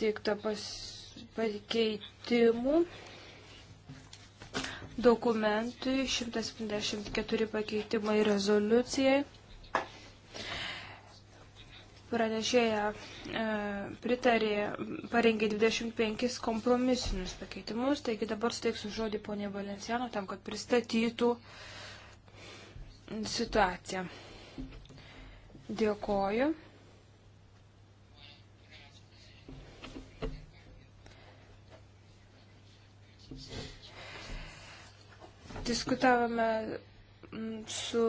pateikta pas, pakeitimų dokumentui, 174 pakeitimai rezoliucijai. Pranešėja e, pritarė, parengė 25 kompromisinius pakeitimus, taigi dabar steiksiu žodį ponė Valenciano tam, kad pristatytų situaciją. Dėkoju. Diskutavome mm, su,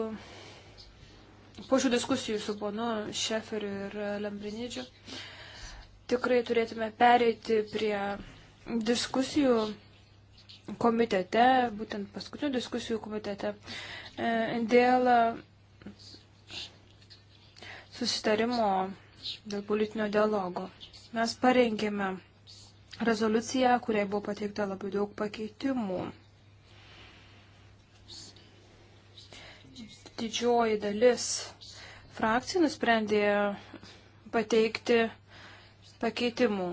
po šių diskusijų su ponu Šeferiu ir Lambrinidžiu. Tikrai turėtume pereiti prie diskusijų komitete, būtent paskutinių diskusijų komitete, e, dėl susitarimo, dėl politinio dialogo. Mes parengėme rezoliuciją, kuriai buvo pateikta labai daug pakeitimų. didžioji dalis frakcijų nusprendė pateikti pakeitimų.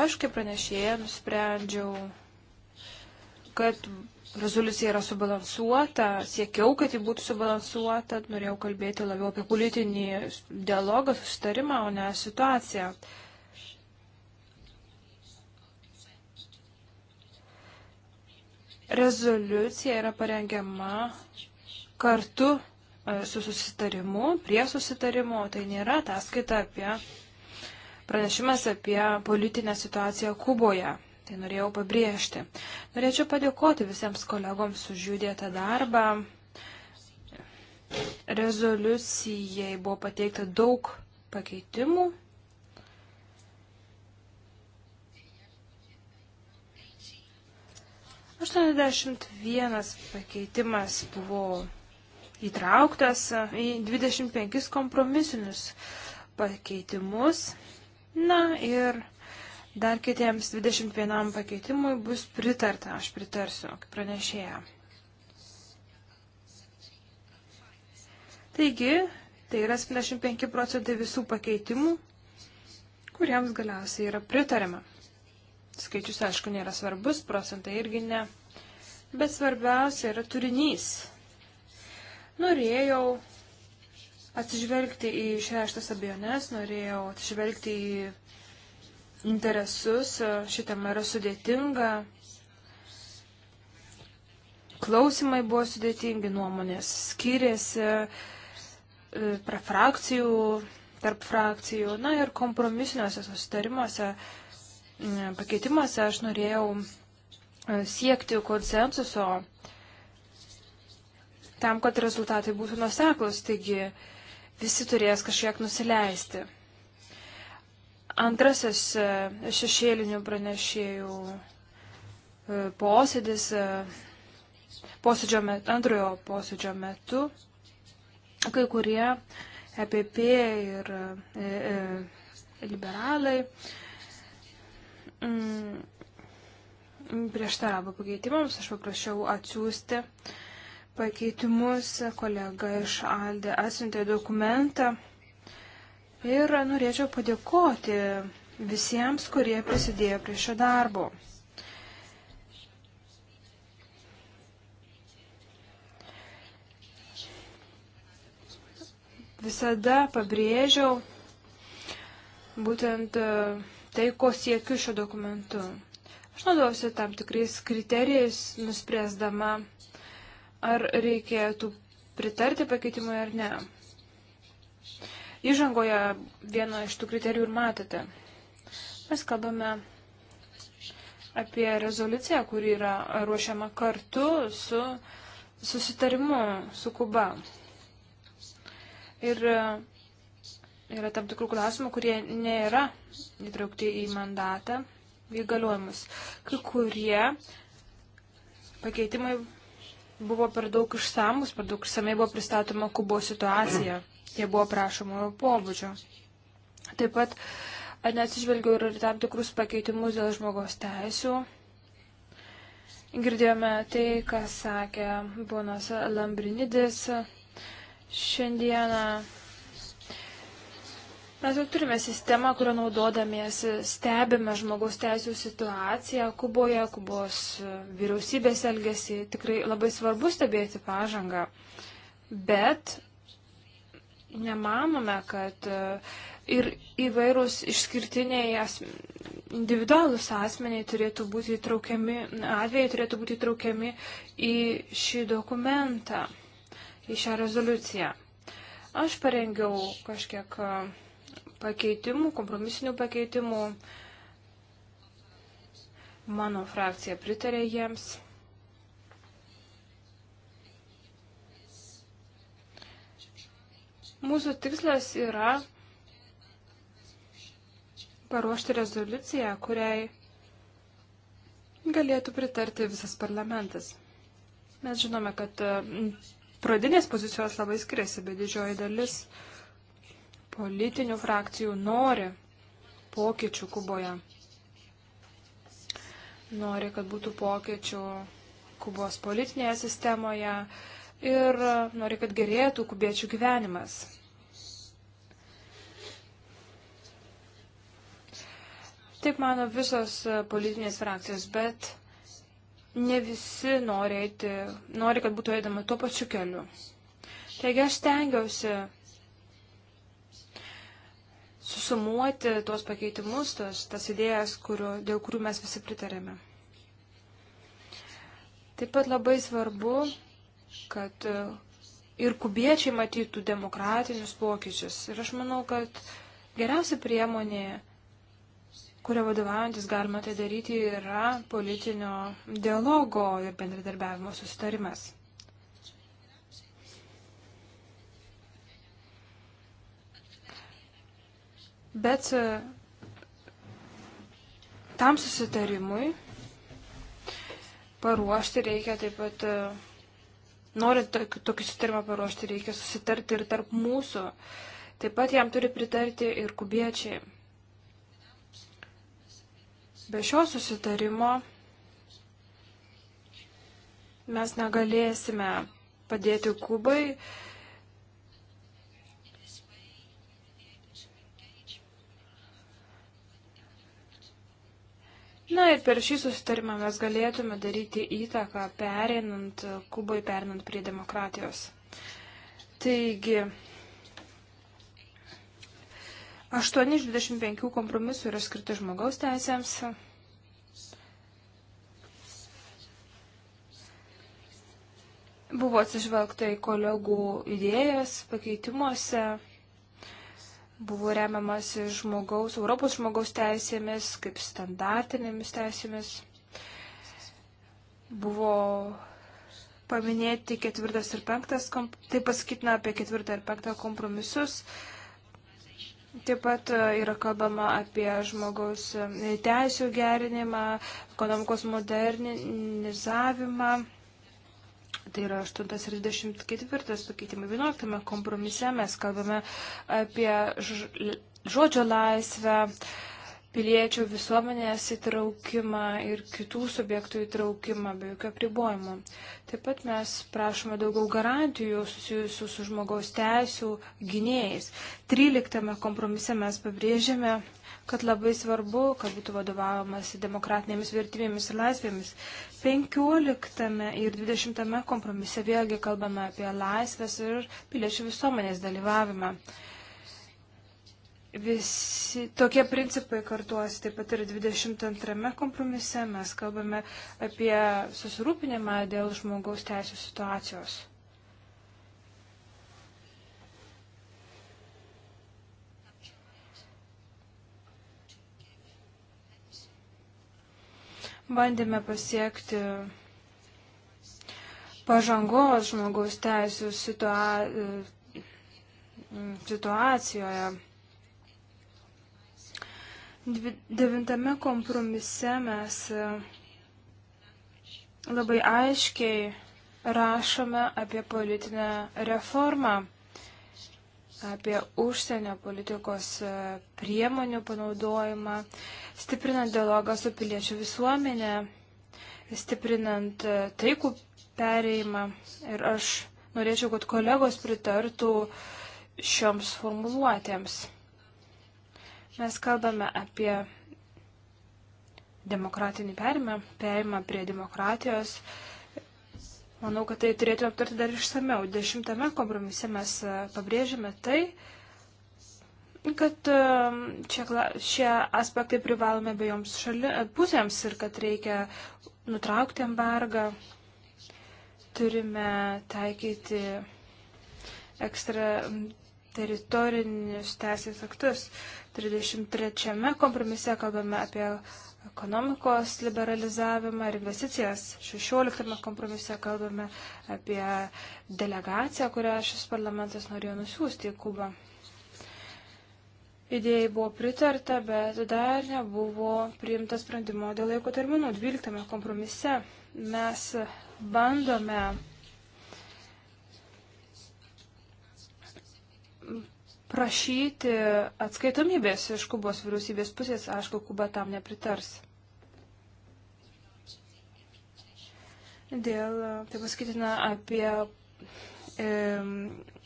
Aš kaip pranešėja nusprendžiau, kad rezoliucija yra subalansuota, siekiau, kad ji būtų subalansuota, norėjau kalbėti labiau apie politinį dialogą, susitarimą, o ne situaciją. Rezoliucija yra parengiama kartu e, su susitarimu, prie susitarimu, tai nėra ataskaita apie pranešimas apie politinę situaciją Kuboje. Tai norėjau pabrėžti. Norėčiau padėkoti visiems kolegoms už jų dėtą darbą. Rezoliucijai buvo pateikta daug pakeitimų. Aštuoniasdešimt vienas pakeitimas buvo įtrauktas e, į 25 kompromisinius pakeitimus. Na ir dar kitiems 21 pakeitimui bus pritarta, aš pritarsiu, kaip pranešėja. Taigi, tai yra 75 procentai visų pakeitimų, kuriems galiausiai yra pritarima. Skaičius, aišku, nėra svarbus, procentai irgi ne. Bet svarbiausia yra turinys Norėjau atsižvelgti į šeštas abejonės, norėjau atsižvelgti į interesus, šitama yra sudėtinga, klausimai buvo sudėtingi, nuomonės skiriasi, tarp frakcijų, tarp frakcijų, na ir kompromisiniuose susitarimuose, pakeitimuose aš norėjau e, siekti konsensuso tam, kad rezultatai būtų nuseklus, taigi visi turės kažkiek nusileisti. Antrasis e, šešėlinių pranešėjų e, posėdis, e, posėdžio met, antrojo posėdžio metu, kai kurie EPP ir e, e, liberalai m, mm, prieštaravo pakeitimams, aš paprašiau atsiųsti e, pakeitimus. Kolega iš Aldė atsiuntė dokumentą. Ir norėčiau padėkoti visiems, kurie prisidėjo prie šio darbo. Visada pabrėžiau būtent e, tai, ko siekiu šio dokumentu. Aš naudosiu tam tikrais kriterijais, nuspręsdama, ar reikėtų pritarti pakeitimui ar ne. Įžangoje vieną iš tų kriterijų ir matėte. Mes kalbame apie rezoliuciją, kuri yra ruošiama kartu su susitarimu su Kuba. Ir e, yra tam tikrų klausimų, kurie nėra įtraukti į mandatą, į galiojimus. Kai kurie pakeitimai buvo per daug išsamus, per daug išsamei buvo pristatoma Kubos situacija. Jie buvo prašomojo pobūdžio. Taip pat neatsižvelgiau ir tam tikrus pakeitimus dėl žmogaus teisų. Girdėjome tai, kas sakė ponas Lambrinidis šiandieną Mes jau turime sistemą, kurio naudodamiesi stebime žmogaus teisų situaciją Kuboje, Kubos vyriausybės elgesį. Tikrai labai svarbu stebėti pažangą. Bet nemanome, kad e, ir įvairūs išskirtiniai as, individualus asmeniai turėtų būti įtraukiami, atvejai turėtų būti įtraukiami į šį dokumentą, į šią rezoliuciją. Aš parengiau kažkiek e, pakeitimų, kompromisinių pakeitimų. Mano frakcija pritarė jiems. Mūsų tikslas yra paruošti rezoliuciją, kuriai galėtų pritarti visas parlamentas. Mes žinome, kad pradinės pozicijos labai skiriasi, bet didžioji dalis uh, politinių frakcijų nori pokyčių Kuboje. Nori, kad būtų pokyčių Kubos politinėje sistemoje ir nori, kad gerėtų kubiečių gyvenimas. Taip mano visos politinės frakcijos, bet ne visi nori, eiti, nori kad būtų eidama tuo pačiu keliu. Taigi aš stengiausi sumuoti tuos pakeitimus, tos, tas idėjas, kurio, dėl kurių mes visi pritarėme. Taip pat labai svarbu, kad e, ir kubiečiai matytų demokratinius pokyčius. Ir aš manau, kad geriausia priemonė, kurio vadovaujantis galima tai daryti, yra politinio dialogo ir bendradarbiavimo susitarimas. Bet e, tam susitarimui paruošti reikia taip pat, e, norint tokį susitarimą paruošti, reikia susitarti ir tarp mūsų. Taip pat jam turi pritarti ir kubiečiai. Be šio susitarimo mes negalėsime padėti Kubai Na ir per šį susitarimą mes galėtume daryti įtaką perinant Kubai, perinant prie demokratijos. Taigi, 8 iš 25 kompromisų yra skirti žmogaus teisėms. Buvo atsižvelgta į kolegų idėjas pakeitimuose buvo remiamas žmogaus, Europos žmogaus teisėmis, kaip standartinėmis teisėmis. Buvo paminėti ketvirtas ir penktas, taip pasakytina apie ketvirtą ir penktą kompromisus. Taip pat e, yra kalbama apie žmogaus e, teisų gerinimą, ekonomikos modernizavimą Tai yra 8 ir 24 sukeitimai. 11 kompromise mes kalbame apie žodžio laisvę, piliečių visuomenės įtraukimą ir kitų subjektų įtraukimą be jokio pribojimo. Taip pat mes prašome daugiau garantijų susijusių su žmogaus teisų gynėjais. 13 kompromise mes pabrėžėme kad labai svarbu, kad būtų vadovaujamas demokratinėmis vertybėmis ir laisvėmis. 15 ir 20 kompromise vėlgi kalbame apie laisvės ir piliečių visuomenės dalyvavimą. Visi tokie principai kartuosi taip pat ir 22 kompromise mes kalbame apie susirūpinimą dėl žmogaus teisų situacijos. bandėme pasiekti pažangos žmogaus teisų situa situacijoje. Devintame kompromise mes e, labai aiškiai rašome apie politinę reformą apie užsienio politikos e, priemonių panaudojimą, stiprinant dialogą su piliečių visuomenė, stiprinant e, taikų pereimą. Ir aš norėčiau, kad kolegos pritartų šioms formuluotėms. Mes kalbame apie demokratinį perimą, perimą prie demokratijos, Manau, kad tai turėtume aptarti dar išsameu. Dešimtame kompromise mes e, pabrėžiame tai, kad e, čia, šie aspektai privalome bejoms šali, pusėms ir kad reikia nutraukti embargą. Turime taikyti ekstra teritorinius teisės aktus. 33 kompromise kalbame apie ekonomikos liberalizavimą ir investicijas. 16 kompromise kalbame apie delegaciją, kurią šis parlamentas norėjo nusiųsti į Kubą. Idėjai buvo pritarta, bet dar nebuvo priimta sprendimo dėl laiko terminų. 12 kompromise mes bandome prašyti atskaitomybės iš Kubos vyriausybės pusės, aišku, Kuba tam nepritars. Dėl, taip pasakytina, apie e,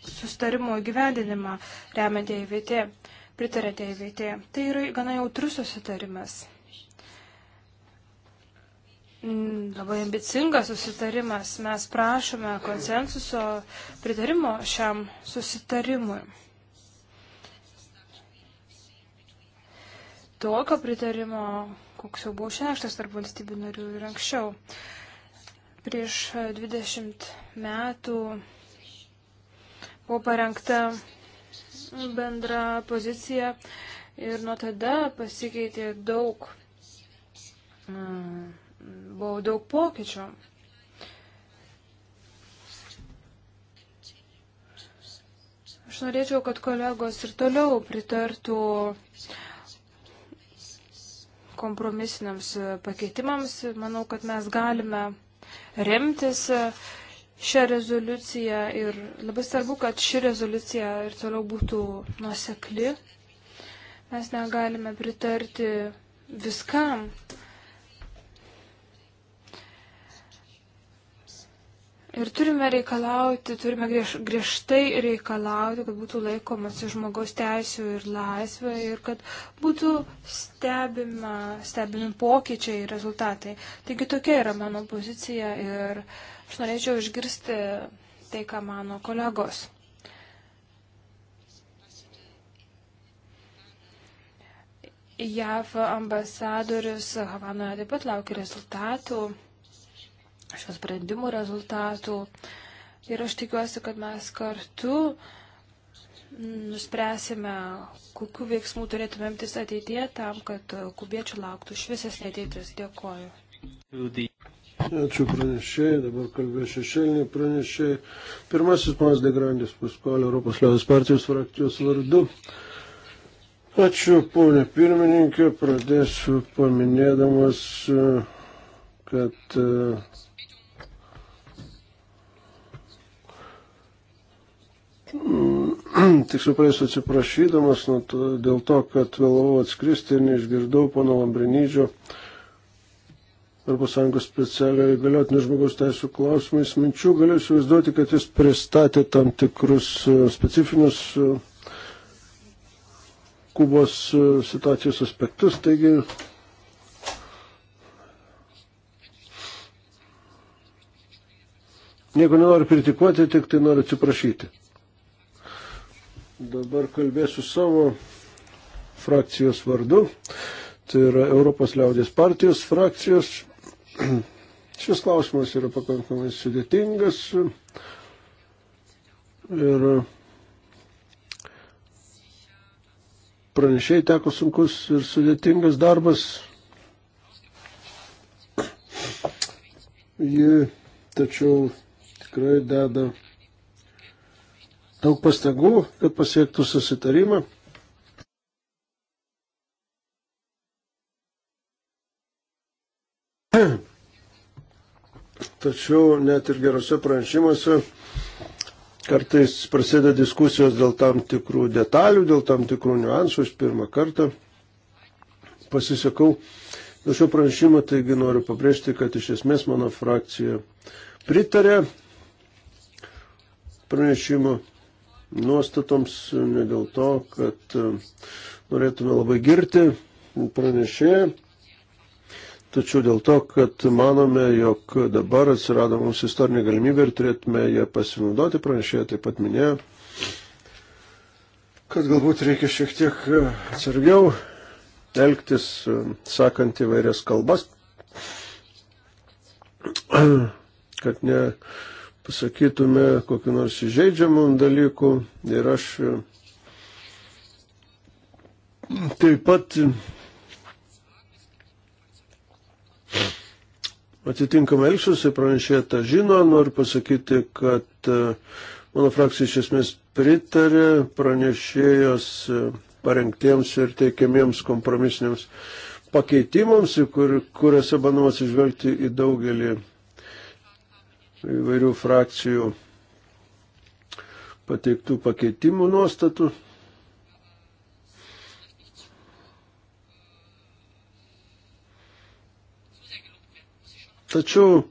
sustarimo įgyvendinimą remiantį EVT, pritarėte EVT. Tai yra gana jautrus susitarimas. Labai ambicingas susitarimas. Mes prašome konsensuso pritarimo šiam susitarimui. tokio pritarimo, koks jau buvo šeštas tarp valstybių narių ir anksčiau. Prieš 20 metų buvo parengta bendra pozicija ir nuo tada pasikeitė daug, buvo daug pokyčių. Aš norėčiau, kad kolegos ir toliau pritartų uh, kompromisiniams e, pakeitimams. Manau, kad mes galime remtis e, šią rezoliuciją ir labai svarbu, kad ši rezoliucija ir toliau būtų nuosekli. Mes negalime pritarti viskam, Ir turime reikalauti, turime griež, griežtai reikalauti, kad būtų laikomasi žmogaus teisų ir laisvė ir kad būtų stebima, stebimi pokyčiai ir rezultatai. Taigi tokia yra mano pozicija ir aš norėčiau išgirsti tai, ką mano kolegos. JAV ambasadorius Havanoje taip pat laukia rezultatų šios sprendimų rezultatų. Ir aš tikiuosi, kad mes kartu nuspręsime, kokiu veiksmu turėtumėm tis ateityje tam, kad kubiečių lauktų šviesesnė ateitis. Dėkoju. Ačiū pranešėjai, dabar kalbės šešėlinį pranešėjai. Pirmasis panas Degrandis Paskolio Europos Liaudės partijos frakcijos vardu. Ačiū, ponė pirmininkė, pradėsiu paminėdamas, kad Mm, tiksliau praeisiu atsiprašydamas nu, dėl to, kad vėlavau atskristi ir neišgirdau pono Lambrinydžio Europos Sąjungos specialiojo įgaliotinio žmogaus teisų klausimais minčių. Galiu įsivaizduoti, kad jis pristatė tam tikrus e, specifinius e, Kubos e, situacijos aspektus. Taigi Nieko nenoriu kritikuoti, tik tai noriu atsiprašyti. Dabar kalbėsiu savo frakcijos vardu. Tai yra Europos liaudės partijos frakcijos. Šis klausimas yra pakankamai sudėtingas. Ir pranešėjai teko sunkus ir sudėtingas darbas. Ji tačiau tikrai deda daug pastangų, kad pasiektų susitarimą. Tačiau net ir gerose pranešimuose kartais prasideda diskusijos dėl tam tikrų detalių, dėl tam tikrų niuansų. Aš pirmą kartą pasisakau dėl šio pranešimo, taigi noriu pabrėžti, kad iš esmės mano frakcija pritarė pranešimo nuostatoms, ne dėl to, kad e, norėtume labai girti pranešėją, tačiau dėl to, kad manome, jog dabar atsirado mums istorinė galimybė ir turėtume ją pasinaudoti, pranešėja taip pat minėjo, kad galbūt reikia šiek tiek e, atsargiau elgtis, e, sakant įvairias kalbas, kad ne pasakytume kokiu nors įžeidžiamu dalyku. Ir aš e, taip pat atitinkamai elgsiuosi, pranešė tą žino, noriu pasakyti, kad e, mano frakcija iš esmės pritarė pranešėjos e, parengtiems ir teikiamiems kompromisiniams pakeitimams, kur, kuriuose bandoma atsižvelgti į daugelį įvairių frakcijų pateiktų pakeitimų nuostatų. Tačiau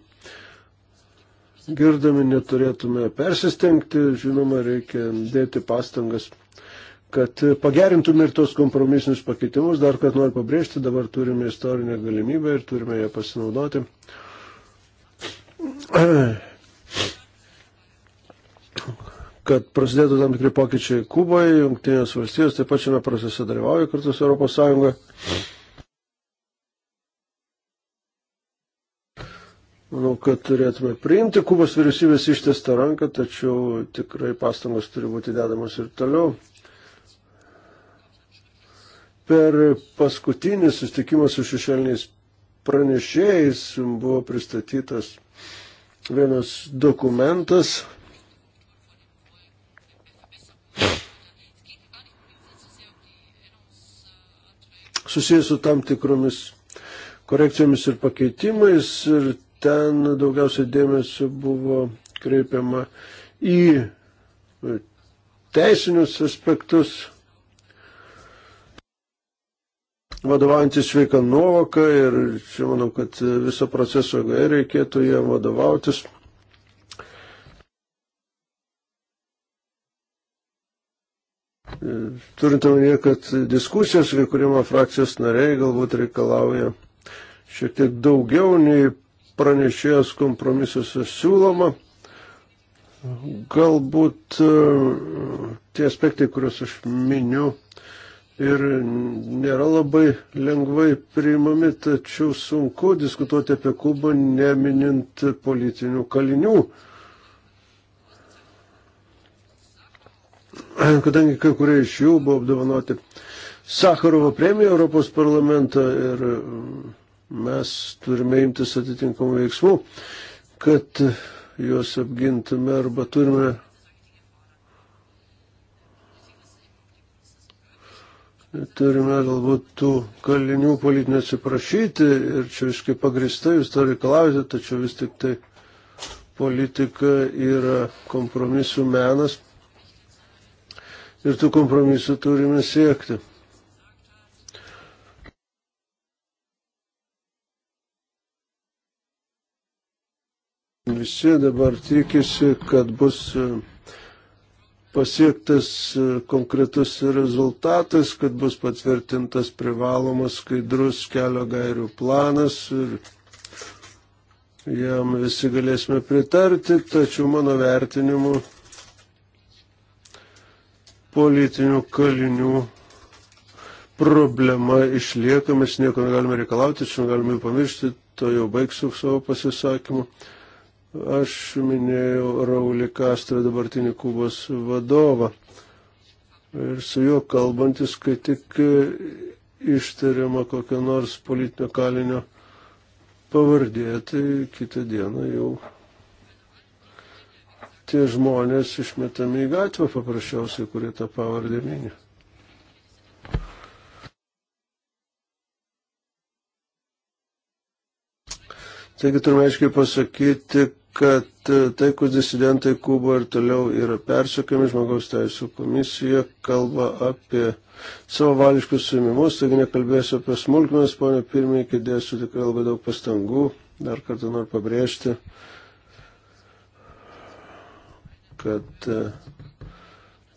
girdami neturėtume persistengti, žinoma, reikia dėti pastangas, kad pagerintume ir tos kompromisinius pakeitimus. Dar kad noriu pabrėžti, dabar turime istorinę galimybę ir turime ją pasinaudoti. kad prasidėtų tam tikri pokyčiai Kuboje, Junktinės valstijos taip pat šiame procese dalyvauja kartu su Europos Sąjunga. Manau, kad turėtume priimti Kubos vyriausybės ištestą ranką, tačiau tikrai pastangos turi būti dedamos ir toliau. Per paskutinį sustikimą su šešelniais pranešėjais buvo pristatytas uh, vienas dokumentas. susijęs su tam tikromis korekcijomis ir pakeitimais ir ten daugiausiai dėmesio buvo kreipiama į teisinius aspektus vadovaujantis sveika nuovoka ir čia manau, kad viso proceso gai reikėtų jie vadovautis. Turint omenyje, kad diskusijos, kai kurie mano frakcijos nariai galbūt reikalauja šiek tiek daugiau nei pranešėjas kompromisuose siūloma. Galbūt e, tie aspektai, kuriuos aš miniu, ir nėra labai lengvai priimami, tačiau sunku diskutuoti apie Kubą neminint politinių kalinių. Kadangi kai kurie iš jų buvo apdovanoti Sakarovo premiją Europos parlamentą ir mes turime imtis atitinkamų veiksmų, kad juos apgintume arba turime turime galbūt tų kalinių politinių atsiprašyti ir čia visiškai pagristai jūs to reikalaujate, tačiau vis tik tai politika yra kompromisų menas ir tų kompromisų turime siekti. Visi dabar tikisi, kad bus pasiektas e, konkretus rezultatas, kad bus patvirtintas privalomas skaidrus kelio gairių planas ir jam visi galėsime pritarti, tačiau mano vertinimu politinių kalinių problema išlieka, mes nieko negalime reikalauti, čia negalime pamiršti, to jau baigsiu savo pasisakymu. Aš minėjau Raulį Kastrą, dabartinį Kubos vadovą. Ir su juo kalbantis, kai tik e, ištariama kokia nors politinio kalinio pavardė, tai kitą dieną jau tie žmonės išmetami į gatvę paprasčiausiai, kurie tą pavardę minė. Taigi turime aiškiai pasakyti, kad e, taikus disidentai Kuboje ir toliau yra persiekami. Žmogaus teisų komisija kalba apie savo vališkus suimimus, taigi nekalbėsiu apie smulkmenas, ponė pirmininkė, dėsiu tikrai labai daug pastangų. Dar kartą noriu pabrėžti, kad e,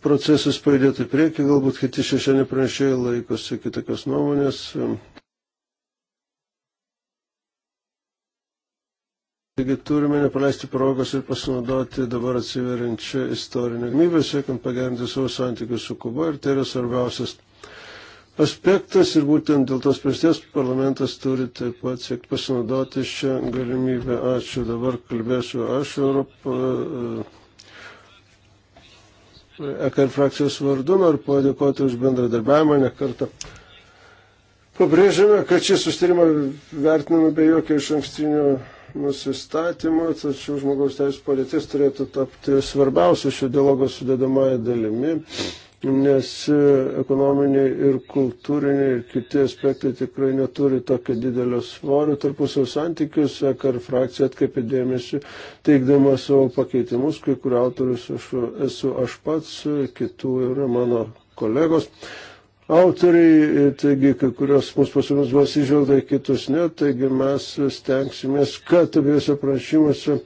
procesas pajudėtų į priekį, galbūt kiti šešėlį pranešėjai laikosi kitokios nuomonės. Taigi turime nepraleisti progos ir pasinaudoti dabar atsiverinčią istorinę galimybę, siekiant pagerinti savo santykius su Kuba ir tai yra svarbiausias aspektas ir būtent dėl tos prasties parlamentas turi taip pat siekti pasinaudoti šią galimybę. Ačiū, dabar kalbėsiu aš Europą. E, EKR frakcijos vardu noriu padėkoti už bendradarbiavimą nekartą. Pabrėžiame, kad šį sustarimą vertiname be jokio iš ankstinio nusistatymų, tačiau žmogaus teisų padėtis turėtų tapti svarbiausia šio dialogo sudėdamąją dalimi, nes ekonominiai ir kultūriniai ir kiti aspektai tikrai neturi tokio didelio svorio tarpusio santykius, kar frakcija atkaipė dėmesį, teikdama savo pakeitimus, kai kur autorius aš, esu aš pats, kitų yra mano kolegos autoriai, e, taigi kai kurios mūsų pasiūlymus buvo atsižvelgta, kitus ne, taigi mes stengsimės, kad abiejose pranešimuose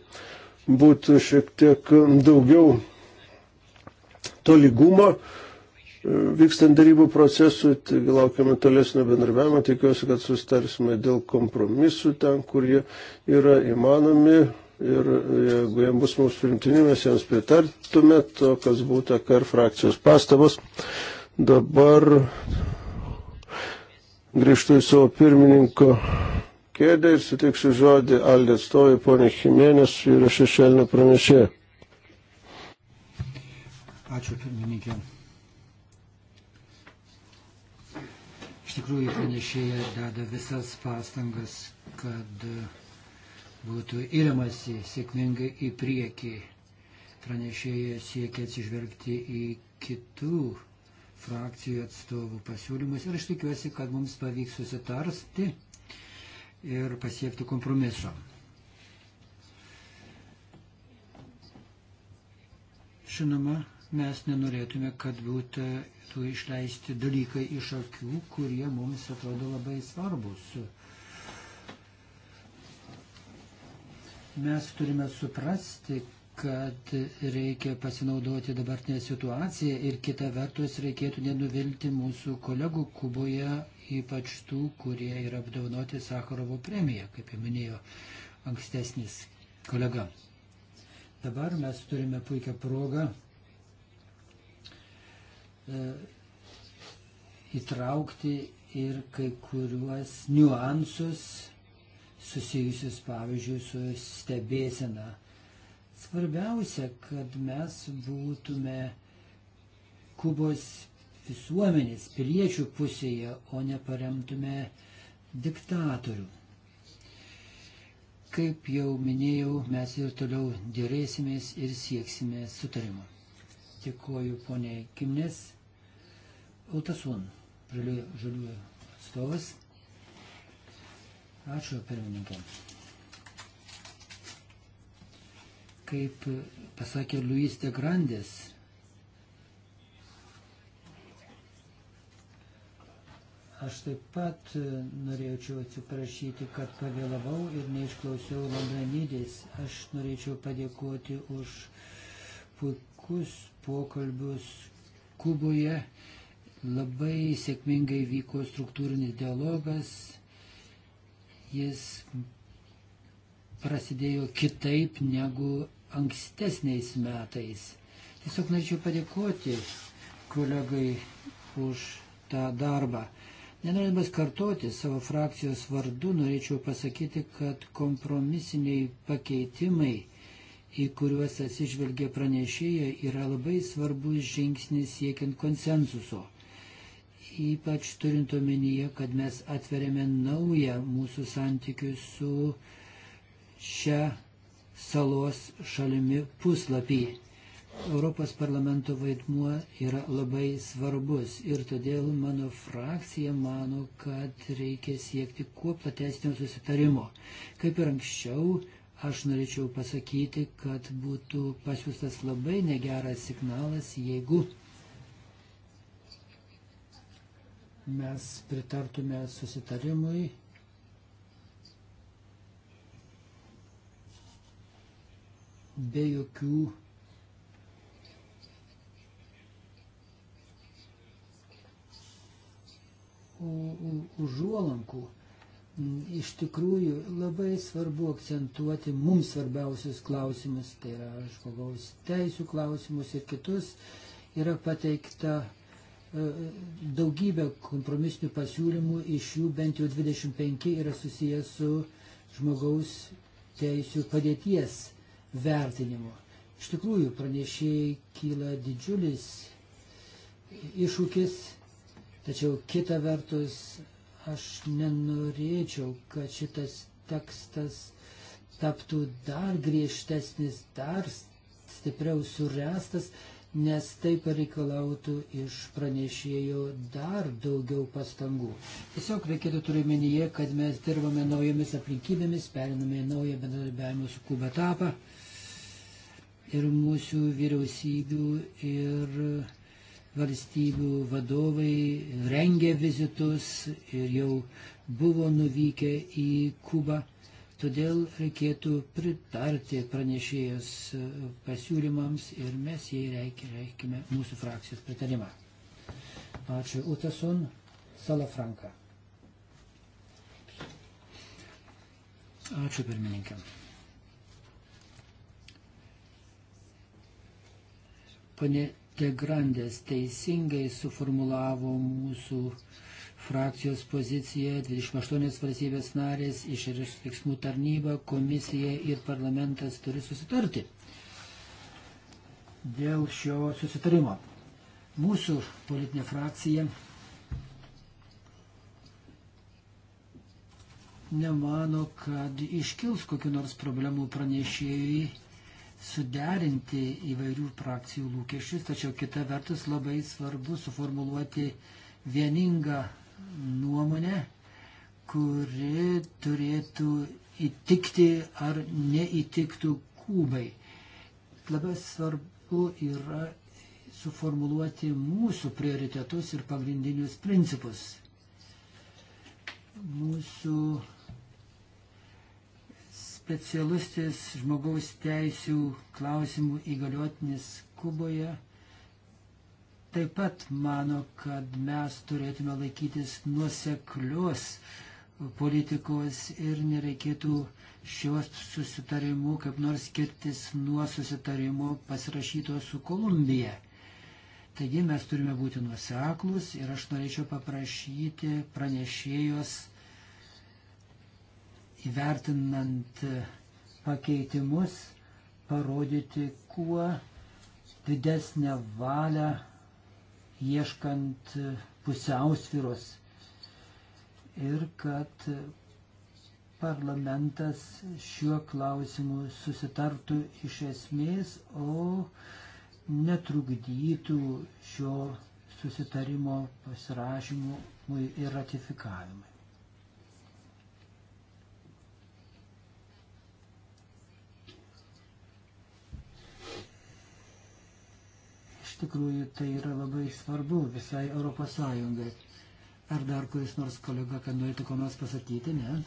būtų šiek tiek daugiau tolygumo e, vykstant darybų procesui, taigi laukiame tolesnio bendarbiavimo, tikiuosi, kad sustarsime dėl kompromisų ten, kur jie yra įmanomi. Ir jeigu jiems bus mums primtini, mes jiems pritartume to, kas būtų KR frakcijos pastabos. Dabar grįžtu į savo pirmininko kėdę ir sutiksiu žodį Aldė atstovai, ponė Chimėnės ir aš išelnė pranešė. Ačiū pirmininkė. Iš tikrųjų pranešėja deda visas pastangas, kad būtų įrimasi sėkmingai į priekį. Pranešėja siekia atsižvelgti į kitų frakcijų atstovų pasiūlymus ir aš tikiuosi, kad mums pavyks susitarsti ir pasiekti kompromiso. Žinoma, mes nenorėtume, kad būtų tų išleisti dalykai iš akių, kurie mums atrodo labai svarbus. Mes turime suprasti, kad reikia pasinaudoti dabartinę situaciją ir kita vertus reikėtų nenuvilti mūsų kolegų Kuboje, ypač tų, kurie yra apdovanoti Sakarovo premiją, kaip jau minėjo ankstesnis kolega. Dabar mes turime puikią progą e, įtraukti ir kai kuriuos niuansus susijusius, pavyzdžiui, su stebėsena Svarbiausia, kad mes būtume Kubos visuomenės piliečių pusėje, o ne paremtume diktatorių. Kaip jau minėjau, mes ir toliau dėrėsimės ir sieksime sutarimo. Dėkuoju poniai Kimnes. Autasun, žaliųjų atstovas. Ačiū pirmininkams. kaip pasakė Luis de Grandes. Aš taip pat norėčiau atsiprašyti, kad pavėlavau ir neišklausiau Lambranidės. Aš norėčiau padėkoti už puikus pokalbius Kuboje. Labai sėkmingai vyko struktūrinis dialogas. Jis prasidėjo kitaip negu ankstesniais metais. Tiesiog norėčiau padėkoti kolegai už tą darbą. Nenorėdamas kartoti savo frakcijos vardu, norėčiau pasakyti, kad kompromisiniai pakeitimai, į kuriuos atsižvelgia pranešėja, yra labai svarbus žingsnis siekiant konsensuso. Ypač turint omenyje, kad mes atveriame naują mūsų santykių su šia salos šalimi puslapį. Europos parlamento vaidmuo yra labai svarbus ir todėl mano frakcija mano, kad reikia siekti kuo platesnio susitarimo. Kaip ir anksčiau, aš norėčiau pasakyti, kad būtų pasiūstas labai negeras signalas, jeigu mes pritartume susitarimui be jokių užuolankų. Mm, iš tikrųjų labai svarbu akcentuoti mums svarbiausius klausimus, tai yra žmogaus teisų klausimus ir kitus. Yra pateikta e, daugybė kompromisinių pasiūlymų, iš jų bent jau 25 yra susijęs su žmogaus teisų padėties vertinimo. Iš tikrųjų, pranešėjai kyla didžiulis iššūkis, tačiau kita vertus, aš nenorėčiau, kad šitas tekstas taptų dar griežtesnis, dar stipriau surestas, nes tai pareikalautų iš pranešėjo dar daugiau pastangų. Tiesiog reikėtų turiuomenyje, kad mes dirbame naujomis aplinkybėmis, periname į naują bendradarbiavimo su Kuba etapą ir mūsų vyriausybių ir valstybių vadovai rengė vizitus ir jau buvo nuvykę į Kubą. Todėl reikėtų pritarti pranešėjos pasiūlymams ir mes jai reikia, reikime mūsų frakcijos pritarimą. Ačiū Utasun, Salafranka. Ačiū pirmininkam. Pane Degrandės teisingai suformulavo mūsų frakcijos poziciją, 28 valstybės narės, išorės veiksmų tarnyba, komisija ir parlamentas turi susitarti dėl šio susitarimo. Mūsų politinė frakcija nemano, kad iškils kokiu nors problemų pranešėjai suderinti įvairių frakcijų lūkesčius, tačiau kita vertus labai svarbu suformuluoti vieningą nuomonę, kuri turėtų įtikti ar neįtiktų Kubai. Labai svarbu yra suformuluoti mūsų prioritetus ir pagrindinius principus. Mūsų specialustis žmogaus teisių klausimų įgaliotinis Kuboje taip pat mano, kad mes turėtume laikytis nuoseklios politikos ir nereikėtų šios susitarimų kaip nors skirtis nuo susitarimo pasirašyto su Kolumbija. Taigi mes turime būti nuoseklus ir aš norėčiau paprašyti pranešėjos įvertinant pakeitimus, parodyti kuo didesnę valią ieškant pusiausviros ir kad parlamentas šiuo klausimu susitartų iš esmės, o netrukdytų šio susitarimo pasirašymui ir ratifikavimui. tikrųjų tai yra labai svarbu visai Europos Sąjungai. Ar dar kuris nors kolega, kad norėtų ko nors pasakyti, ne?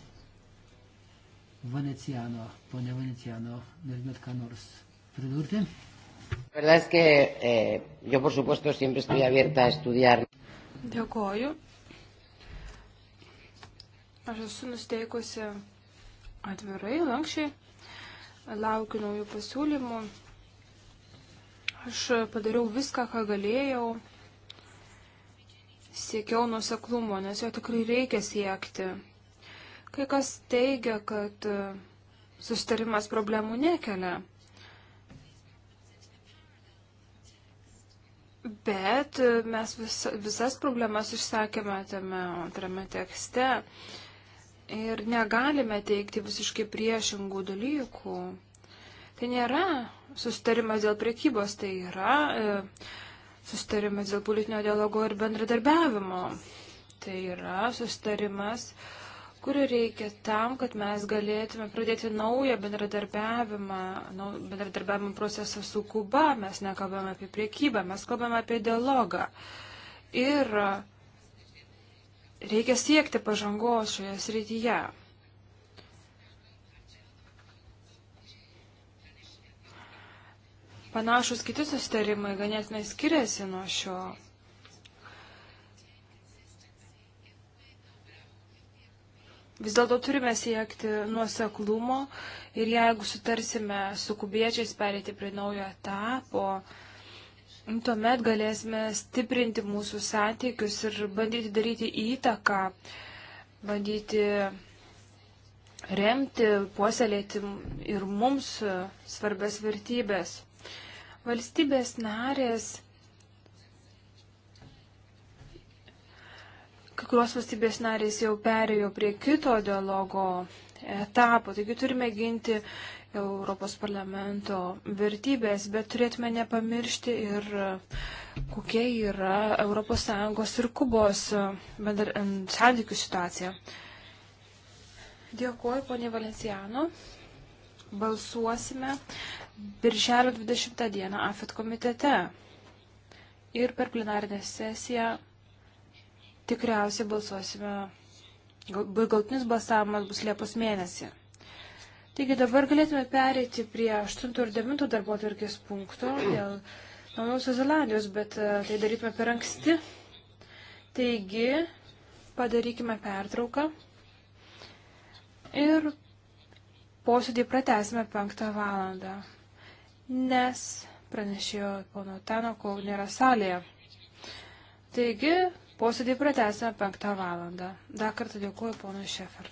Veneciano, ponia Veneciano, norėtumėt ką nors pridurti? Verdad es que eh, yo, por supuesto, siempre estoy abierta a estudiar. Dėkoju. Aš esu nusteikusi atvirai, lankščiai, laukiu naujų pasiūlymų, Aš padariau viską, ką galėjau. Siekiau nuseklumo, nes jo tikrai reikia siekti. Kai kas teigia, kad e, sustarimas problemų nekelia. Bet e, mes vis, visas problemas išsakėme tame antrame tekste ir negalime teikti visiškai priešingų dalykų. Tai nėra sustarimas dėl priekybos, tai yra e, sustarimas dėl politinio dialogo ir bendradarbiavimo. Tai yra sustarimas, kurį reikia tam, kad mes galėtume pradėti naują bendradarbiavimą, nau, bendradarbiavimo procesą su Kuba. Mes nekalbame apie priekybą, mes kalbame apie dialogą. Ir reikia siekti pažangos šioje srityje. Panašus kiti susitarimai ganėtinai skiriasi nuo šio. Vis dėlto turime siekti nuoseklumo ir jeigu sutarsime su kubiečiais perėti prie naujo etapo, tuomet galėsime stiprinti mūsų santykius ir bandyti daryti įtaką, bandyti remti, puoselėti ir mums svarbės vertybės. Valstybės narės, kai kurios valstybės narės jau perėjo prie kito dialogo etapo, taigi turime ginti Europos parlamento vertybės, bet turėtume nepamiršti ir kokia yra ES ir Kubos santykių situacija. Dėkuoju, ponė Valenciano balsuosime Birželio 20 dieną AFET komitete. Ir per plenarinę sesiją tikriausiai balsuosime, galtinis balsavimas bus Liepos mėnesį. Taigi dabar galėtume pereiti prie 8 ir 9 darbo atvirkės punkto dėl Naujosios Zelandijos, bet e, tai darytume per anksti. Taigi padarykime pertrauką ir posėdį pratesime penktą valandą, nes pranešėjo pono Tano, kol nėra salėje. Taigi, posėdį pratesime penktą valandą. Dar kartą dėkuoju ponui Šefer.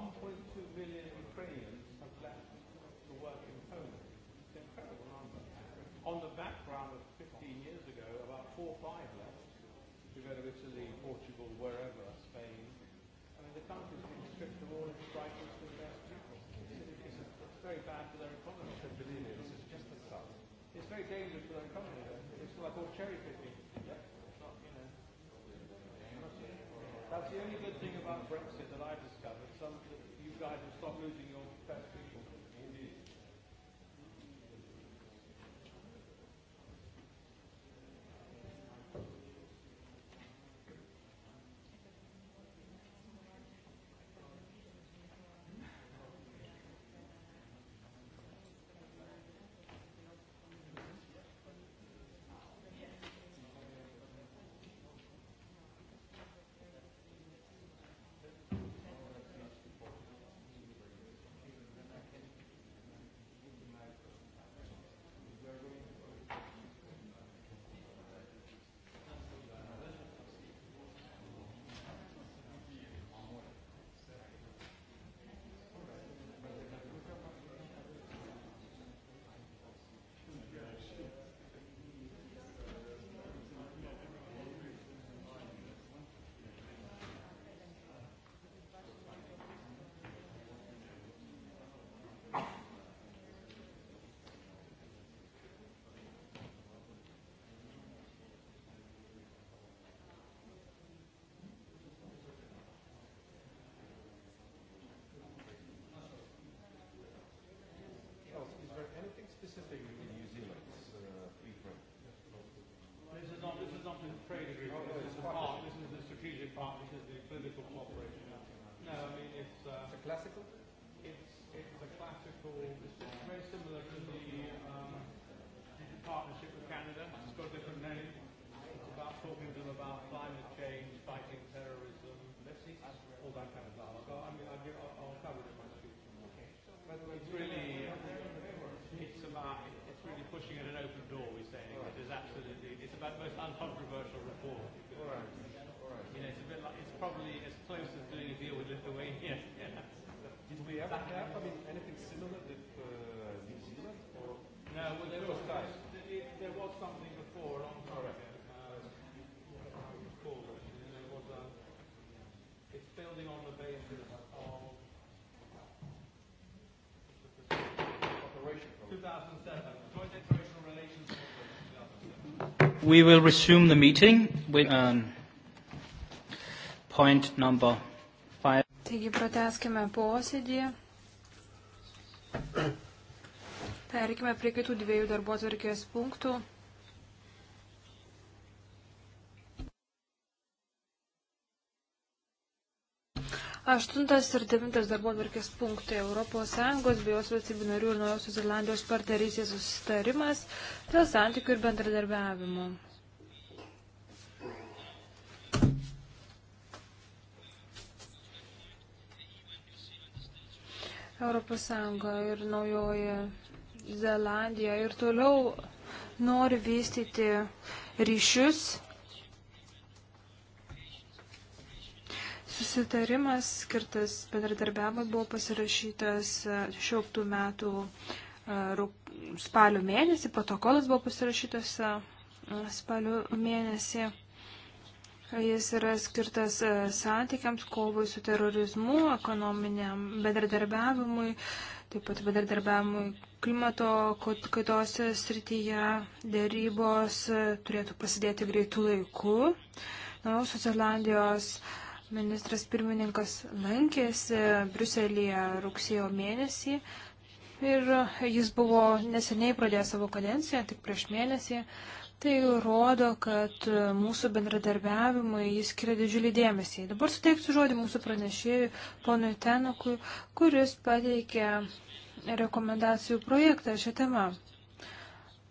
1.2 million Ukrainians have left to work in Poland. It's an incredible number. On the background of 15 years ago, about four or five left to go to Italy, Portugal, wherever, Spain. I mean, the country's been stripped of all its brightest and best people. It's, a, it's very bad for their economy. I believe it. It's just a sub. It's very dangerous for their economy. Though. It's like all cherry picking. Yeah. Not, you know. That's the only good thing about Brexit that I've some, you guys will stop losing specific in New Zealand, uh, e-print. This is not, this is not a trade agreement. Oh, this, is the part, this is the strategic part, which is the political cooperation. No, I mean, it's... Uh, it's a classical? It's, it's a classical, it's very similar to the um, partnership with Canada. It's got a different name. It's about talking to them about climate change, fighting terrorism, all that kind of stuff. So I mean, I'll, I'll cover it in my speech. Okay. It's really saying. Right. It is absolutely, it's about the most uncontroversial reform. All right. All right. You know, it's a bit like, it's probably as close as doing a deal with Lithuania. Yeah. Did we ever have, I mean, anything similar with uh, New Zealand? Or no, well, there was. We will resume the meeting with um, point number five. Taigi prateskime posėdį. Perikime prie kitų dviejų darbo atvarkės punktų. Aštuntas ir devintas darbo atvarkės punktai Europos Sąjungos bei jos valstybių narių ir Naujosios Zelandijos partnerystės susitarimas dėl santykių ir bendradarbiavimo. Europos Sąjunga ir Naujoji Zelandija ir toliau nori vystyti ryšius Susitarimas skirtas bendradarbiavimui buvo pasirašytas e, šiauktų metų e, spalio mėnesį, protokolas buvo pasirašytas e, spalio mėnesį. Jis yra skirtas santykiams, kovai su terorizmu, ekonominiam bedradarbiavimui, taip pat bedradarbiavimui klimato kaitos srityje. Dėrybos turėtų pasidėti greitų laikų. Naujos Zelandijos uh, Ministras pirmininkas lankėsi Bruselėje rugsėjo mėnesį ir jis buvo neseniai pradėjęs savo kadenciją, tik prieš mėnesį. Tai rodo, kad mūsų bendradarbiavimui jis skiria didžiulį dėmesį. Dabar suteiksiu žodį mūsų pranešėjui, ponui Tenokui, kuris pateikė rekomendacijų projektą šią temą.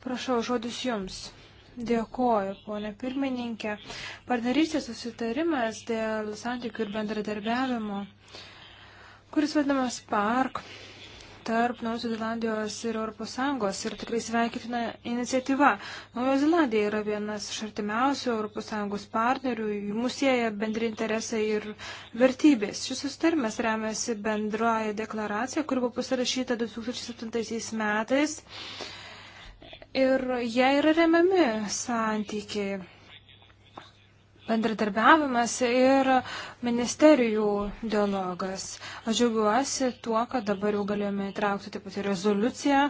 Prašau, žodis jums. Dėkoju, ponė pirmininkė. Partnerystės susitarimas dėl santykių ir bendradarbiavimo, kuris vadinamas PARK tarp Naujos Zelandijos ir ES ir tikrai sveikitina iniciatyva. Naujo Zelandija yra vienas iš artimiausių ES partnerių, mūsų sieja bendri interesai ir vertybės. Šis sustarimas remiasi bendroje deklaracija, kuri buvo pasirašyta 2007 metais ir jie yra remiami santykiai bendradarbiavimas ir ministerijų dialogas. Aš džiaugiuosi tuo, kad dabar jau galėjome įtraukti taip pat ir rezoliuciją.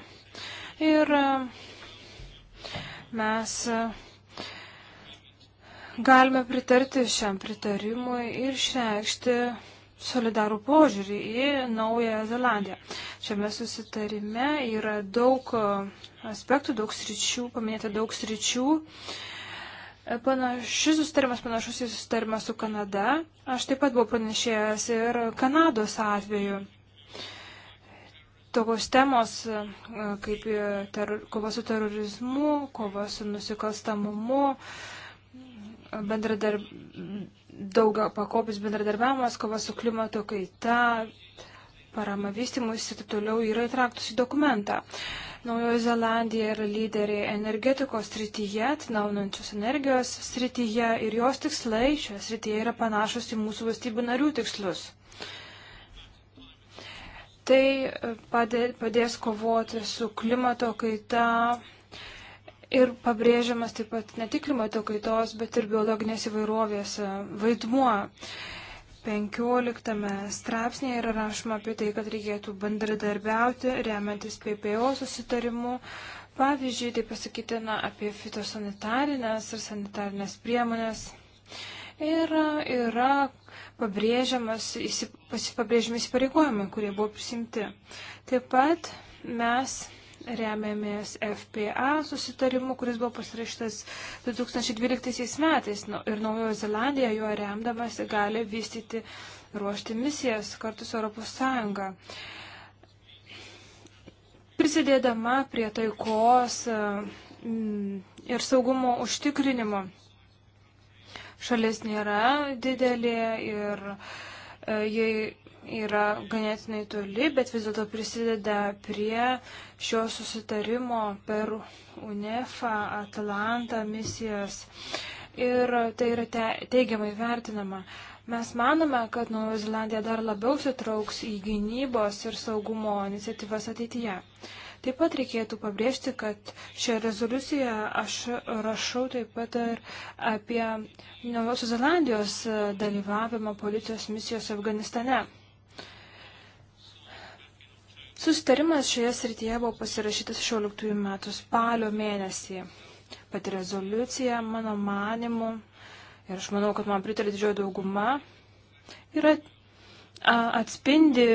Ir mes galime pritarti šiam pritarimui ir išreikšti solidarų požiūrį į Naują Zelandiją. Šiame susitarime yra daug e, aspektų, daug sričių, paminėta daug sričių. E, šis susitarimas panašus į susitarimą su Kanada. Aš taip pat buvau pranešėjęs ir Kanados atveju. Tokios temos e, kaip ter, kova su terorizmu, kova su nusikalstamumu, bendradarbiavimu daug pakopis bendradarbiavimas, kova su klimato kaita, parama vystimus ir taip toliau yra įtraktus į dokumentą. Naujoji Zelandija yra lyderiai energetikos srityje, atnaunančios energijos srityje ir jos tikslai šioje srityje yra panašus į mūsų valstybių narių tikslus. Tai padės kovoti su klimato kaita, Ir pabrėžiamas taip pat ne tik klimato kaitos, bet ir biologinės įvairovės vaidmuo. 15 straipsnėje yra rašoma apie tai, kad reikėtų bendradarbiauti, remiantis PPO susitarimu. Pavyzdžiui, tai pasakytina apie fitosanitarinės ir sanitarinės priemonės. Ir yra pabrėžiamas, pabrėžiami įsipareigojimai, kurie buvo prisimti. Taip pat mes remiamės FPA susitarimu, kuris buvo pasirašytas 2012 metais nu, ir Naujojo Zelandija juo remdamasi gali vystyti ruošti misijas kartu su Europos Sąjunga. Prisidėdama prie taikos e, mm, ir saugumo užtikrinimo. Šalis nėra didelė ir e, jei yra ganėtinai toli, bet vis dėlto prisideda prie šio susitarimo per UNEFA, Atalanta misijas. Ir tai yra te, teigiamai vertinama. Mes manome, kad Naujoji Zelandija dar labiau sitrauks į gynybos ir saugumo iniciatyvas ateityje. Taip pat reikėtų pabrėžti, kad šią rezoliuciją aš rašau taip pat ir apie Naujosios Zelandijos dalyvavimą policijos misijos Afganistane. Sustarimas šioje srityje buvo pasirašytas 16 metų spalio mėnesį. Pati rezoliucija, mano manimu, ir aš manau, kad man pritarė didžioji dauguma, yra atspindi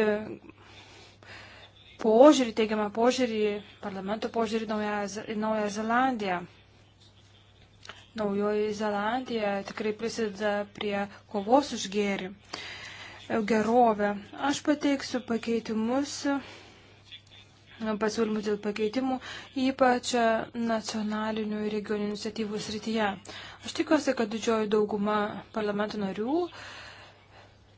požiūrį, teigiamą požiūrį, parlamento požiūrį į Naują Zelandiją. Naujoji Zelandija tikrai prisideda prie kovos už gėrį, e, gerovę. Aš pateiksiu pakeitimus pasiūlymų dėl pakeitimų, ypač nacionalinių ir regioninių iniciatyvų srityje. Aš tikiuosi, kad didžioji dauguma parlamento narių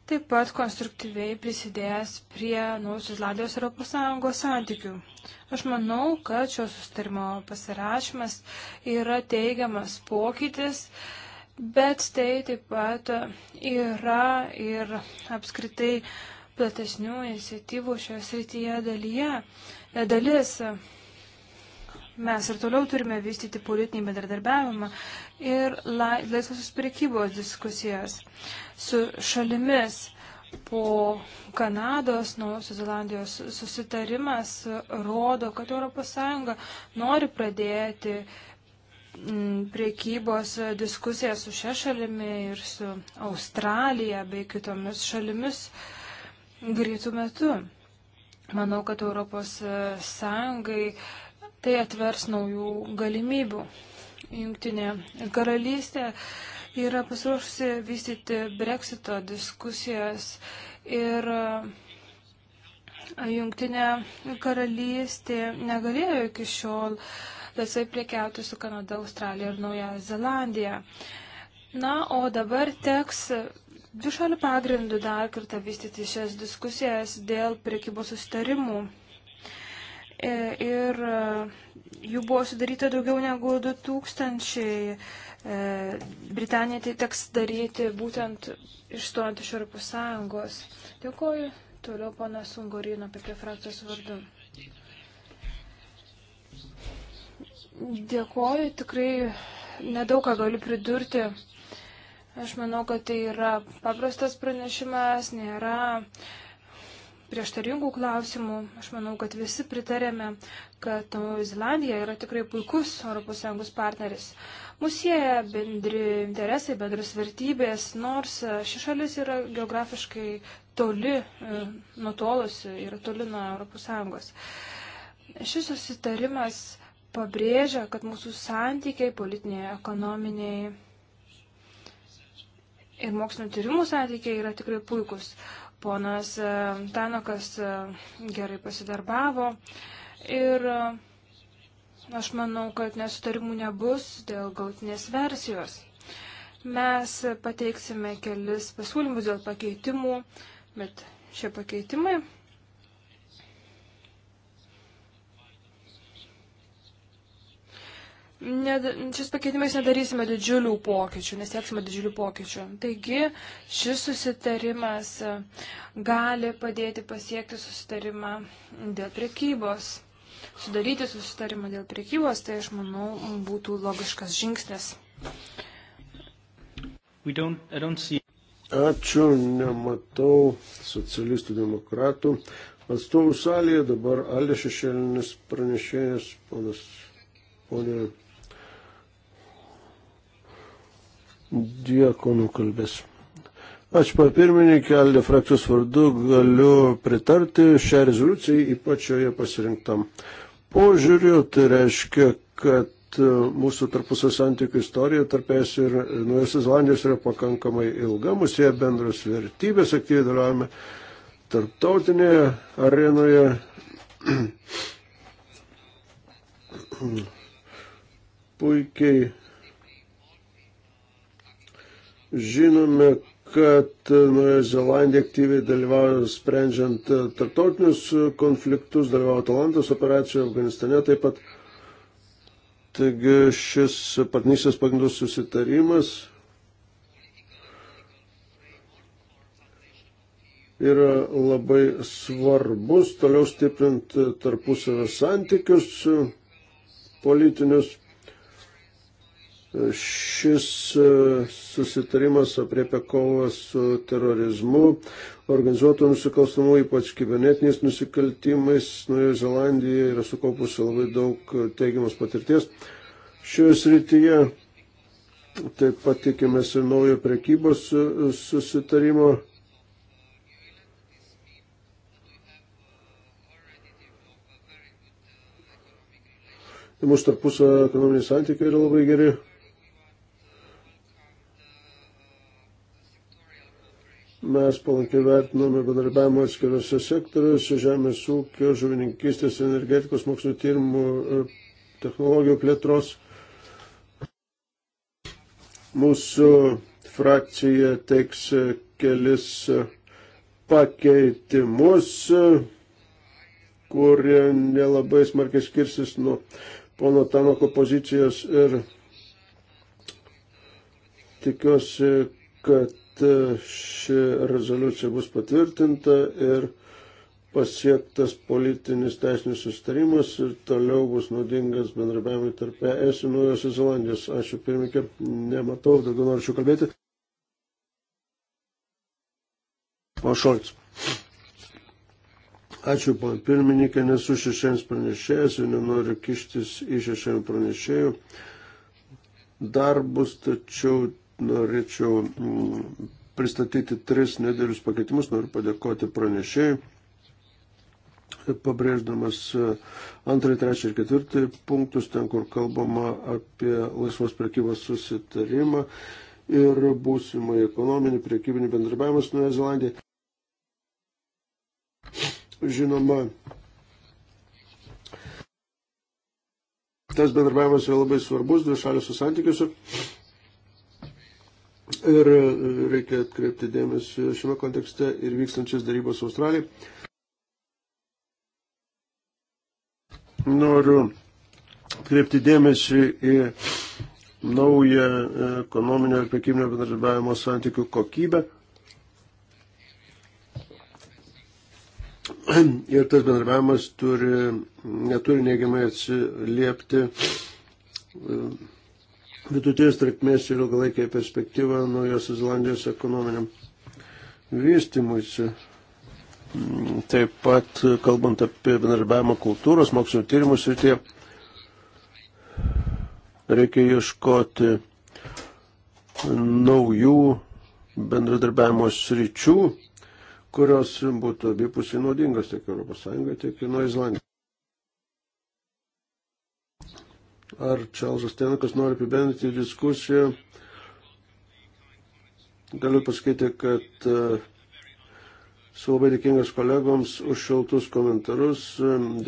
taip pat konstruktyviai prisidės prie Naujos Islandijos Europos Sąjungos santykių. Aš manau, kad šio sustarimo pasirašymas yra teigiamas pokytis, bet tai taip pat yra ir apskritai platesnių iniciatyvų šioje srityje dalyje. Uh, dalis. Mes ir toliau turime vystyti politinį bendradarbiavimą ir laisvosios priekybos diskusijas su šalimis po Kanados, Naujosios Zelandijos susitarimas rodo, kad ES nori pradėti mm, priekybos diskusiją su šia šalimi ir su Australija bei kitomis šalimis greitų metų. Manau, kad Europos e, Sąjungai tai atvers naujų galimybių. Jungtinė karalystė yra pasiruošusi vystyti breksito diskusijas ir e, Jungtinė karalystė negalėjo iki šiol visai priekiauti su Kanada, Australija ir Nauja Zelandija. Na, o dabar teks dvišalių pagrindų dar kartą vystyti šias diskusijas dėl priekybos sustarimų. E, ir e, jų buvo sudaryta daugiau negu 2000. E, Britanija tai teks daryti būtent išstojant iš Europos Sąjungos. Dėkuoju. Toliau panas Ungorino apie frakcijos vardu. Dėkuoju, tikrai nedaug ką galiu pridurti Aš manau, kad tai yra paprastas pranešimas, nėra prieštaringų klausimų. Aš manau, kad visi pritarėme, kad Zelandija yra tikrai puikus ES partneris. Mūsų sieja bendri interesai, bendras vertybės, nors ši šalis yra geografiškai toli e, nutolusi, yra toli nuo ES. Šis susitarimas pabrėžia, kad mūsų santykiai politiniai, ekonominiai ir mokslinio tyrimų santykiai yra tikrai puikus. Ponas e, Tanokas e, gerai pasidarbavo ir e, aš manau, kad nesutarimų nebus dėl gautinės versijos. Mes pateiksime kelis pasiūlymus dėl pakeitimų, bet šie pakeitimai ned, šis pakeitimais nedarysime didžiulių pokyčių, nesieksime didžiulių pokyčių. Taigi šis susitarimas e, gali padėti pasiekti susitarimą dėl priekybos. Sudaryti susitarimą dėl priekybos, tai aš manau, būtų logiškas žingsnis. Don't, don't see... Ačiū, nematau socialistų demokratų. Atstovų salėje dabar Alė Šešėlinis pranešėjas, ponas, ponė Diekonų kalbės. Aš papirmininkė Aldė frakcijos vardu galiu pritarti šią rezoliuciją, ypač joje pasirinktam požiūriu. Tai reiškia, kad mūsų tarpusio santykių istorija tarp es ir Naujosios Zelandijos yra pakankamai ilga, mūsų jie bendros vertybės, aktyviai dalyvavome tarptautinėje arenoje. Puikiai Žinome, kad Naujoje Zelandija aktyviai dalyvauja sprendžiant tarptautinius konfliktus, dalyvauja Atalantos operacijoje, Afganistane taip pat. Taigi šis partnysės pagrindų susitarimas yra labai svarbus toliau stiprint tarpusavio santykius politinius Šis e, susitarimas apriepia kovą su terorizmu, organizuotų nusikalstamų, ypač kibernetiniais nusikaltimais. Naujoje Zelandijoje yra sukaupusi labai daug teigiamos patirties. Šioje srityje taip pat tikimės ir naujo prekybos e, susitarimo. Mūsų tarpusio ekonominiai santykiai yra labai geri. Mes palankiai vertiname bendarbiavimą atskiriuose sektoriuose - žemės ūkio, žuvininkistės, energetikos, mokslo tyrimų, e, technologijų plėtros. Mūsų frakcija teiks kelis pakeitimus, kurie nelabai smarkiai skirsis nuo pono Tanoko pozicijos ir tikiuosi, kad E, ši rezoliucija bus patvirtinta ir pasiektas politinis teisinis sustarimas ir toliau bus naudingas bendrabiavimui tarp ES ir Naujosios Zelandijos. Ačiū pirmininkė, nematau, daugiau norėčiau kalbėti. O Šolts. Ačiū, pan pirmininkė, nesu šešiems pranešėjas ir nenoriu kištis į šešiems pranešėjų darbus, tačiau norėčiau mm, pristatyti tris nedėlius pakeitimus. Noriu padėkoti pranešėjai, pabrėždamas e, antrąjį, trečią ir ketvirtąjį punktus, ten, kur kalbama apie laisvos prekybos susitarimą ir būsimą ekonominį prekybinį bendrabiavimą su Nuoja Zelandija. Žinoma, tas bendrabiavimas yra labai svarbus dvišaliuose santykiuose. Ir reikia atkreipti dėmesį šiame kontekste ir vykstančias darybos Australijai. Noriu atkreipti dėmesį į naują ekonominio ir prekybinio bendradarbiavimo santykių kokybę. Ir tas bendradarbiavimas turi, neturi neigiamai atsiliepti vidutinės trukmės ir ilgalaikėje perspektyvoje Naujosios Zelandijos ekonominiam vystimuisi. Mm, taip pat, kalbant apie bendarbiavimą kultūros, mokslinio tyrimų srityje, reikia ieškoti naujų bendradarbiavimo sričių, kurios būtų abipusiai naudingos tiek ES, tiek ir Nuozelandijai. ar Čelzas Tenakas nori apibendrinti diskusiją. Galiu pasakyti, kad e, esu labai dėkingas kolegoms už šiltus komentarus.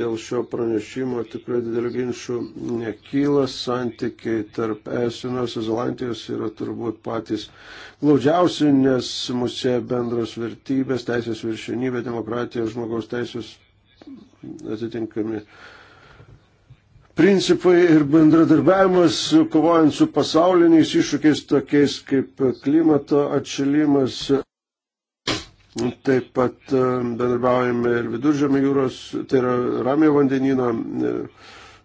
Dėl šio pranešimo tikrai didelių ginčių nekyla. Santykiai tarp ES ir Naujosios Zelandijos yra turbūt patys glaudžiausi, nes mūsų bendros vertybės, teisės viršinybė, demokratija, žmogaus teisės atitinkami principai ir bendradarbiavimas, kovojant su pasauliniais iššūkiais, tokiais kaip klimato atšilimas. Taip pat e, bendrabiaujame ir viduržėmio jūros, tai yra ramio vandenino e,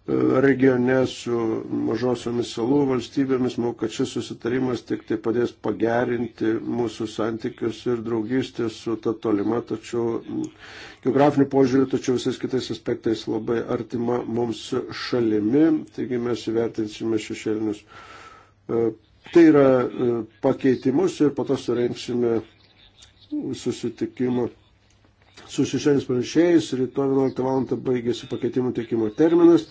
regione su mažosiomis salų valstybėmis. Manau, kad šis susitarimas tik tai padės pagerinti mūsų santykius ir draugystę su ta tolima, tačiau geografiniu požiūriu, tačiau visais kitais aspektais labai artima mums šalimi. Taigi mes įvertinsime šešėlinius. E, tai yra e, pakeitimus ir po to surenksime susitikimą su šešėlis pranešėjais. Rytoj 11 val. baigėsi pakeitimų teikimo terminas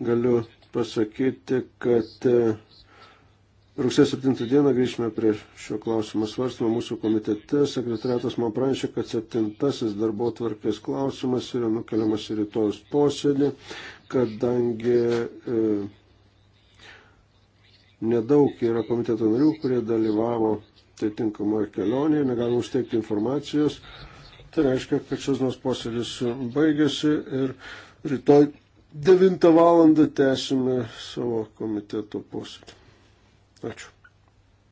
galiu pasakyti, kad e, rugsėjo 7 dieną grįžtume prie šio klausimo svarstymo mūsų komitete. Sekretariatas man pranešė, kad 7 darbo tvarkės klausimas yra nukeliamas į rytojus posėdį, kadangi e, nedaug yra komiteto narių, kurie dalyvavo tai tinkamoje kelionėje, negalima užteikti informacijos. Tai reiškia, kad šios dienos posėdis baigėsi ir rytoj 9 val. tęsime savo komiteto posėdį. Ačiū.